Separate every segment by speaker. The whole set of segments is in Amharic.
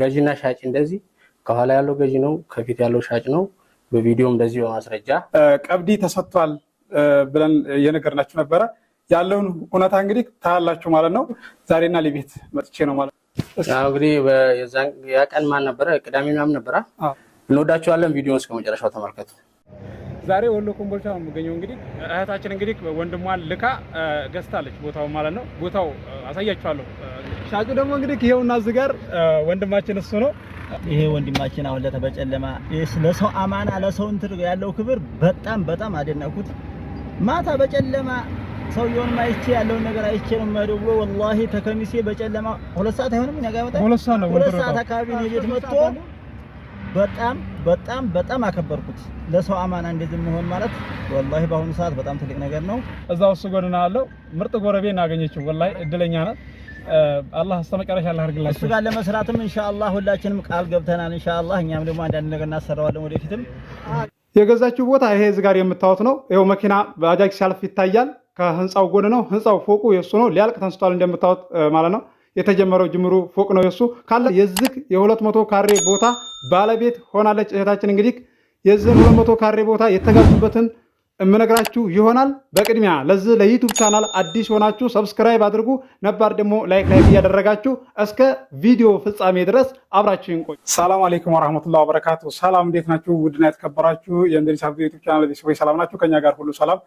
Speaker 1: ገዢና ሻጭ እንደዚህ ከኋላ ያለው ገዢ ነው፣ ከፊት ያለው ሻጭ ነው። በቪዲዮም እንደዚህ በማስረጃ
Speaker 2: ቀብዲ ተሰጥቷል ብለን እየነገርናችሁ ነበረ። ያለውን እውነታ እንግዲህ ታያላችሁ ማለት ነው። ዛሬና ሊቤት መጥቼ ነው ማለት ነው።
Speaker 1: እንግዲህ ያ ቀን ማን ነበረ? ቅዳሜ ምናምን ነበረ። እንወዳችኋለን። ቪዲዮን እስከ መጨረሻው ተመልከቱ።
Speaker 2: ዛሬ ወሎ ኮምቦልቻ ነው የምገኘው። እንግዲህ እህታችን እንግዲህ ወንድሟን ልካ ገዝታለች ቦታው ማለት ነው። ቦታው አሳያችኋለሁ። ሻጩ ደግሞ እንግዲህ ይሄውና እዚህ ጋር ወንድማችን እሱ ነው።
Speaker 1: ይሄ ወንድማችን አሁን ለተበጨለማ ለሰው አማና ለሰው እንትን ያለው ክብር በጣም በጣም አደነኩት። ማታ በጨለማ ሰውየውን አይቼ ያለውን ነገር አይቼ ነው የምደውለው። ወላሂ ተከሚሴ በጨለማ ሁለት ሰዓት አይሆንም እኛ ጋር
Speaker 2: ይመጣል። ሁለት ሰዓት ነው ሁለት
Speaker 1: ሰዓት አካባቢ ነው ቤት መጥቶ በጣም በጣም በጣም አከበርኩት። ለሰው አማና እንደዚህ መሆን ማለት ወላሂ በአሁኑ ሰዓት በጣም ትልቅ ነገር ነው።
Speaker 2: እዛው እሱ ጎድና አለው ምርጥ ጎረቤ እናገኘችው። ወላሂ እድለኛ ናት። አላህ አስተመጨረሻ አላህ አድርግላችሁ።
Speaker 1: እሱ ጋር ለመስራትም ኢንሻአላህ ሁላችንም ቃል ገብተናል። ኢንሻአላህ እኛም ደግሞ አንዳንድ ነገር እናሰራዋለን ወደፊትም።
Speaker 2: የገዛችው ቦታ ይሄ እዚህ ጋር የምታዩት ነው። ይኸው መኪና ባጃጅ ሲያልፍ ይታያል። ከህንፃው ጎን ነው። ህንፃው ፎቁ የእሱ ነው። ሊያልቅ ተንስቷል እንደምታዩት ማለት ነው። የተጀመረው ጅምሩ ፎቅ ነው የእሱ ካለ የዚህ የሁለት መቶ ካሬ ቦታ ባለቤት ሆናለች እህታችን። እንግዲህ የዚህን ሁለት መቶ ካሬ ቦታ የተጋዙበትን እምነግራችሁ ይሆናል። በቅድሚያ ለዚህ ለዩቱብ ቻናል አዲስ ሆናችሁ ሰብስክራይብ አድርጉ፣ ነባር ደግሞ ላይክ ላይክ እያደረጋችሁ እስከ ቪዲዮ ፍጻሜ ድረስ አብራችሁ ቆዩ። ሰላም አለይኩም ወራህመቱላሂ ወበረካቱ። ሰላም እንዴት ናችሁ? ውድና የተከበራችሁ የእንድሪስ አብዱ ዩቱብ ቻናል ቤተሰቦች ሰላም ናችሁ? ከኛ ጋር ሁሉ ሰላም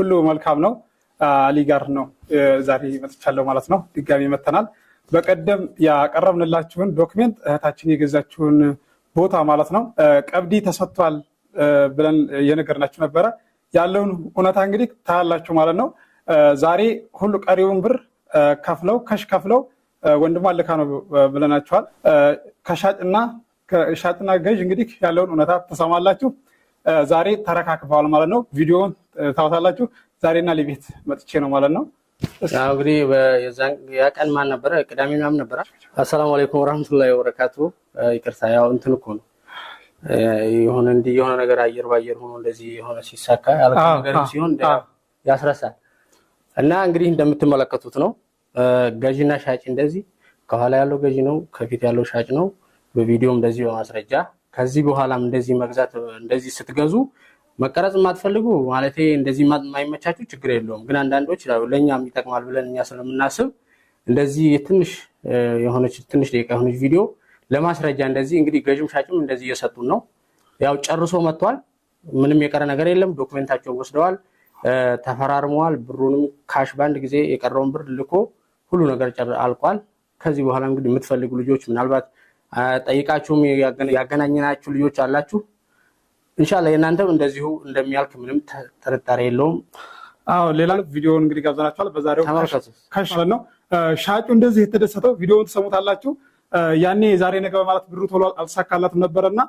Speaker 2: ሁሉ መልካም ነው። አሊ ጋር ነው ዛሬ መጥቻለሁ ማለት ነው። ድጋሚ መተናል። በቀደም ያቀረብንላችሁን ዶክሜንት እህታችን የገዛችሁን ቦታ ማለት ነው ቀብዲ ተሰጥቷል ብለን የነገርናችሁ ነበረ ያለውን እውነታ እንግዲህ ታያላችሁ ማለት ነው። ዛሬ ሁሉ ቀሪውን ብር ከፍለው ከሽ ከፍለው ወንድሟን ልካ ነው ብለናችኋል። ከሻጭና ሻጭና ገዥ እንግዲህ ያለውን እውነታ ትሰማላችሁ። ዛሬ ተረካክፈዋል ማለት ነው። ቪዲዮውን ታወታላችሁ። ዛሬና ሊቤት መጥቼ ነው ማለት ነው።
Speaker 1: እንግዲህ ያ ቀን ማን ነበረ? ቅዳሜ ምናምን ነበረ። አሰላሙ አለይኩም ወረህመቱላሂ ወበረካቱ። ይቅርታ ያው እንትን እኮ ነው የሆነ እንዲህ የሆነ ነገር አየር ባየር ሆኖ እንደዚህ የሆነ ሲሳካ ያልከ ነገር ሲሆን ያስረሳል። እና እንግዲህ እንደምትመለከቱት ነው ገዢና ሻጭ እንደዚህ ከኋላ ያለው ገዢ ነው፣ ከፊት ያለው ሻጭ ነው። በቪዲዮም እንደዚህ በማስረጃ ከዚህ በኋላም እንደዚህ መግዛት እንደዚህ ስትገዙ መቀረጽ የማትፈልጉ ማለት እንደዚህ የማይመቻችሁ ችግር የለውም። ግን አንዳንዶች ለእኛም ይጠቅማል ብለን እኛ ስለምናስብ እንደዚህ ትንሽ የሆነች ትንሽ ደቂቃ የሆነች ቪዲዮ ለማስረጃ እንደዚህ እንግዲህ ገዥም ሻጭም እንደዚህ እየሰጡን ነው። ያው ጨርሶ መጥቷል። ምንም የቀረ ነገር የለም። ዶክሜንታቸውን ወስደዋል፣ ተፈራርመዋል። ብሩንም ካሽ በአንድ ጊዜ የቀረውን ብር ልኮ ሁሉ ነገር አልቋል። ከዚህ በኋላ እንግዲህ የምትፈልጉ ልጆች ምናልባት ጠይቃችሁም ያገናኘናችሁ ልጆች አላችሁ። እንሻላ የእናንተም እንደዚሁ እንደሚያልክ ምንም ጥርጣሬ የለውም።
Speaker 2: አዎ ሌላ ቪዲዮውን እንግዲህ ጋብዘናችኋል። በዛሬው ካሽ ነው ሻጩ እንደዚህ የተደሰተው ቪዲዮውን ትሰሙታላችሁ። ያኔ ዛሬ ነገ በማለት ብሩ ቶሎ አልተሳካላትም ነበረና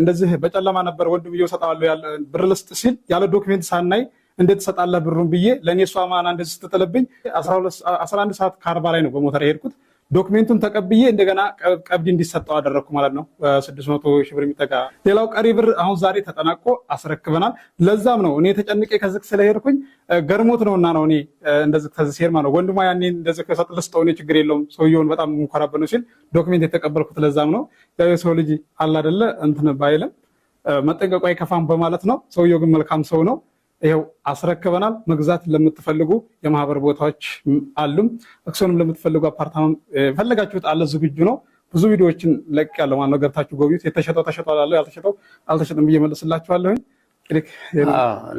Speaker 2: እንደዚህ በጨለማ ነበር ወንድምዬው እሰጠዋለሁ ያለ ብር ልስጥ ሲል ያለ ዶክሜንት ሳናይ እንዴት ትሰጣለህ ብሩን ብዬ ለእኔ እሷ ማና እንደዚህ ስትጥልብኝ አስራ አንድ ሰዓት ከአርባ ላይ ነው በሞተር የሄድኩት ዶክሜንቱን ተቀብዬ እንደገና ቀብድ እንዲሰጠው አደረግኩ ማለት ነው። ስድስት መቶ ሺህ ብር የሚጠጋ ሌላው ቀሪ ብር አሁን ዛሬ ተጠናቆ አስረክበናል። ለዛም ነው እኔ ተጨንቄ ከዝግ ስለሄድኩኝ ገርሞት እና ነው እኔ እንደዚህ ከዚህ ሲሄድ ማለት ነው። ወንድሟ ያኔ እንደዚህ ከሰጥ ልስጠው እኔ ችግር የለውም ሰውየውን በጣም እንኮራበት ነው ሲል ዶክሜንት የተቀበልኩት ለዛም ነው። የሰው ልጅ አላደለ እንትን ባይልም መጠንቀቋ አይከፋም በማለት ነው። ሰውየው ግን መልካም ሰው ነው። ይኸው አስረክበናል። መግዛት ለምትፈልጉ የማህበር ቦታዎች አሉም፣ አክሲዮንም ለምትፈልጉ አፓርታማ የፈለጋችሁት አለ ዝግጁ ነው። ብዙ ቪዲዮዎችን ለቅ ያለው ማነው ገብታችሁ ጎብኙት። የተሸጠው ተሸጧል አለው፣ ያልተሸጠው አልተሸጠም ብዬ መልስላችኋለሁኝ።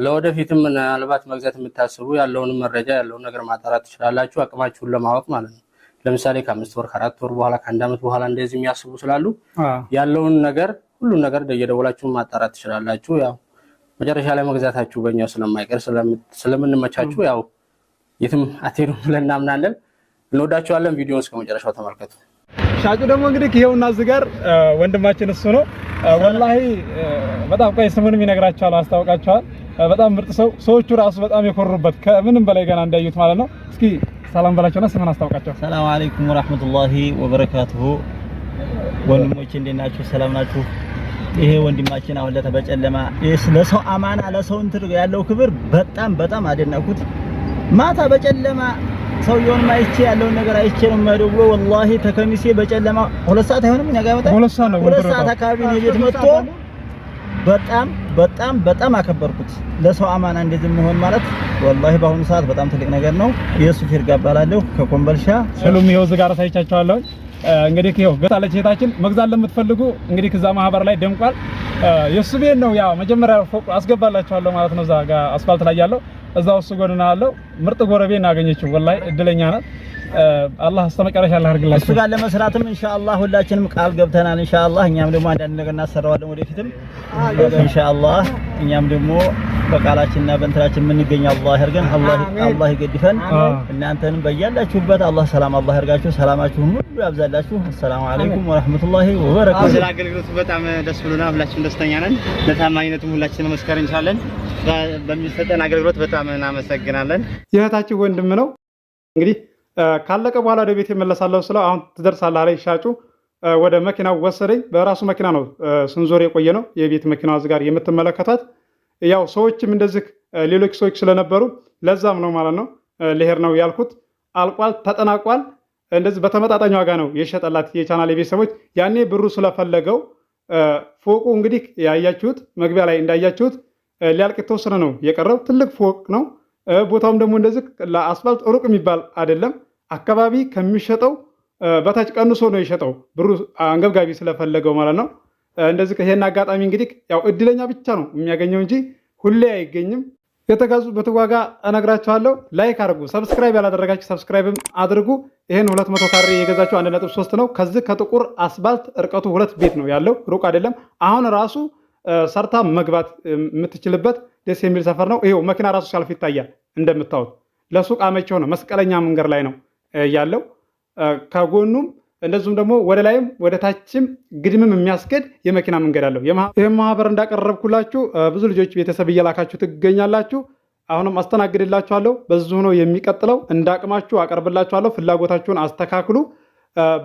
Speaker 1: ለወደፊትም ምናልባት መግዛት የምታስቡ ያለውንም መረጃ ያለውን ነገር ማጣራት ትችላላችሁ፣ አቅማችሁን ለማወቅ ማለት ነው። ለምሳሌ ከአምስት ወር ከአራት ወር በኋላ ከአንድ ዓመት በኋላ እንደዚህ የሚያስቡ ስላሉ ያለውን ነገር ሁሉን ነገር ደየደወላችሁን ማጣራት ትችላላችሁ ያው መጨረሻ ላይ መግዛታችሁ በእኛው ስለማይቀር ስለምንመቻችሁ ያው የትም አትሄዱም ብለን እናምናለን። እንወዳችኋለን። ቪዲዮን እስከ መጨረሻው ተመልከቱ።
Speaker 2: ሻጩ ደግሞ እንግዲህ ይሄውና እዚህ ጋር ወንድማችን እሱ ነው። ወላሂ በጣም ቆይ ስሙንም ይነግራቸዋል፣ አስታውቃቸዋል። በጣም ምርጥ ሰው፣ ሰዎቹ ራሱ በጣም የኮሩበት ከምንም በላይ ገና እንዳዩት ማለት ነው። እስኪ ሰላም በላቸውና ስምን አስታውቃቸው።
Speaker 1: ሰላም አለይኩም ወራህመቱላሂ ወበረካቱሁ። ወንድሞቼ እንዴት ናችሁ? ሰላም ናችሁ? ይሄ ወንድማችን አሁን ለተበጨለማ በጨለማ ለሰው አማና ለሰው እንትን ያለው ክብር በጣም በጣም አደነኩት። ማታ በጨለማ ሰውየውንም አይቼ ያለውን ነገር አይቼ ነው የምሄደው ወላሂ ተከሚሴ በጨለማ ሁለት ሰዓት አይሆንም ነገ ይመጣል። ሁለት ሰዓት አካባቢ ነው ቤት መጥቶ በጣም በጣም በጣም አከበርኩት። ለሰው አማና እንደዚህ መሆን ማለት ወላሂ በአሁኑ ሰዓት በጣም ትልቅ ነገር ነው። የሱፊር ጋባላለሁ ከኮምበልሻ
Speaker 2: ሰሉም ይወዝ ጋር ሳይቻቸዋለሁ እንግዲህ ይኸው ገታለች እህታችን። መግዛት ለምትፈልጉ እንግዲህ ከዛ ማህበር ላይ ደምቋል። የሱ ቤት ነው። ያው መጀመሪያ ፎቅ አስገባላችኋለሁ ማለት ነው። እዛ ጋር አስፋልት ላይ ያለው እዛው እሱ ጎንና አለው ምርጥ ጎረቤ አገኘችው። ወላሂ እድለኛ ናት። አላህ አስተመቀረሻ አላህ አድርግላችሁ።
Speaker 1: እሱ ጋር ለመስራትም ኢንሻአላህ ሁላችንም ቃል ገብተናል። ኢንሻአላህ እኛም ደግሞ አንዳንድ ነገር እናሰራዋለን ወደፊትም ኢንሻአላህ እኛም ደግሞ በቃላችንና በእንትናችን የምንገኝ አላህ ያርገን። አላህ አላህ ይገድፈን። እናንተንም በያላችሁበት አላህ ሰላም አላህ ያርጋችሁ። ሰላማችሁ ሁሉ ያብዛላችሁ። አሰላሙ አለይኩም ወራህመቱላሂ ወበረካቱ። ስለ አገልግሎቱ በጣም ደስ ብሎናል። ሁላችንም ደስተኛ ነን። ለታማኝነቱም ሁላችንም መስከረን እንችላለን። በሚሰጠን አገልግሎት በጣም እናመሰግናለን።
Speaker 2: የእህታችን ወንድም ነው እንግዲህ ካለቀ በኋላ ወደ ቤት የመለሳለሁ ስለው አሁን ትደርሳለህ አለኝ ሻጩ ወደ መኪናው ወሰደኝ። በራሱ መኪና ነው ስንዞር የቆየ ነው። የቤት መኪናው እዚህ ጋር የምትመለከቷት ያው ሰዎችም እንደዚህ ሌሎች ሰዎች ስለነበሩ ለዛም ነው ማለት ነው ልሄድ ነው ያልኩት። አልቋል፣ ተጠናቋል። እንደዚህ በተመጣጣኝ ዋጋ ነው የሸጠላት የቻናል የቤተሰቦች ያኔ ብሩ ስለፈለገው ፎቁ እንግዲህ ያያችሁት መግቢያ ላይ እንዳያችሁት ሊያልቅ የተወሰነ ነው የቀረው። ትልቅ ፎቅ ነው። ቦታውም ደግሞ እንደዚህ ለአስፋልት ሩቅ የሚባል አይደለም። አካባቢ ከሚሸጠው በታች ቀንሶ ነው የሸጠው ብሩ አንገብጋቢ ስለፈለገው ማለት ነው። እንደዚህ ይሄን አጋጣሚ እንግዲህ ያው እድለኛ ብቻ ነው የሚያገኘው እንጂ ሁሌ አይገኝም። የተጋዙበት ዋጋ እነግራችኋለሁ። ላይክ አድርጉ፣ ሰብስክራይብ ያላደረጋችሁ ሰብስክራይብም አድርጉ። ይህን ሁለት መቶ ካሬ የገዛችሁ አንድ ነጥብ ሶስት ነው። ከዚህ ከጥቁር አስፋልት እርቀቱ ሁለት ቤት ነው ያለው፣ ሩቅ አይደለም። አሁን ራሱ ሰርታ መግባት የምትችልበት ደስ የሚል ሰፈር ነው። ይሄው መኪና ራሱ ሲያልፍ ይታያል። እንደምታዩት ለሱቅ አመቺ ሆነ። መስቀለኛ መንገድ ላይ ነው ያለው ከጎኑም እንደዚሁም ደግሞ ወደ ላይም ወደ ታችም ግድምም የሚያስገድ የመኪና መንገድ አለው። ይህ ማህበር እንዳቀረብኩላችሁ ብዙ ልጆች ቤተሰብ እየላካችሁ ትገኛላችሁ። አሁንም አስተናግድላችኋለሁ። በዚሁ ነው የሚቀጥለው። እንዳቅማችሁ አቀርብላችኋለሁ። ፍላጎታችሁን አስተካክሉ።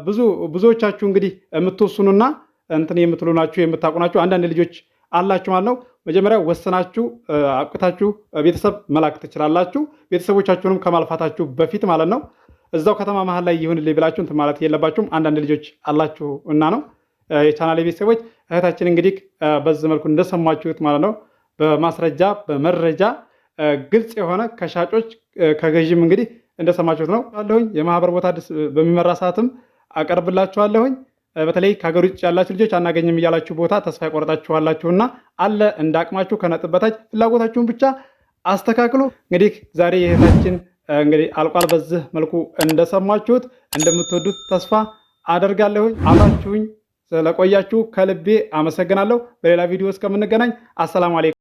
Speaker 2: ብዙ ብዙዎቻችሁ እንግዲህ የምትወስኑና እንትን የምትሉ ናችሁ የምታውቁ ናችሁ። አንዳንድ ልጆች አላችሁ ማለት ነው። መጀመሪያ ወሰናችሁ አውቅታችሁ ቤተሰብ መላክ ትችላላችሁ። ቤተሰቦቻችሁንም ከማልፋታችሁ በፊት ማለት ነው። እዛው ከተማ መሀል ላይ ይሁንልኝ ብላችሁ እንትን ማለት የለባችሁም። አንዳንድ ልጆች አላችሁ እና ነው የቻናሌ ቤተሰቦች። እህታችን እንግዲህ በዚህ መልኩ እንደሰማችሁት ማለት ነው በማስረጃ በመረጃ ግልጽ የሆነ ከሻጮች ከገዥም እንግዲህ እንደሰማችሁት ነው አለሁኝ። የማህበር ቦታ በሚመራ ሰዓትም አቀርብላችኋለሁኝ። በተለይ ከሀገር ውጭ ያላችሁ ልጆች አናገኝም እያላችሁ ቦታ ተስፋ ያቆርጣችኋላችሁና አለ እንዳቅማችሁ ከነጥብ በታች ፍላጎታችሁን ብቻ አስተካክሉ። እንግዲህ ዛሬ የእህታችን እንግዲህ አልቋል። በዚህ መልኩ እንደሰማችሁት እንደምትወዱት ተስፋ አደርጋለሁ። አብራችሁኝ ስለቆያችሁ ከልቤ አመሰግናለሁ። በሌላ ቪዲዮ እስከምንገናኝ አሰላሙ አለይኩም።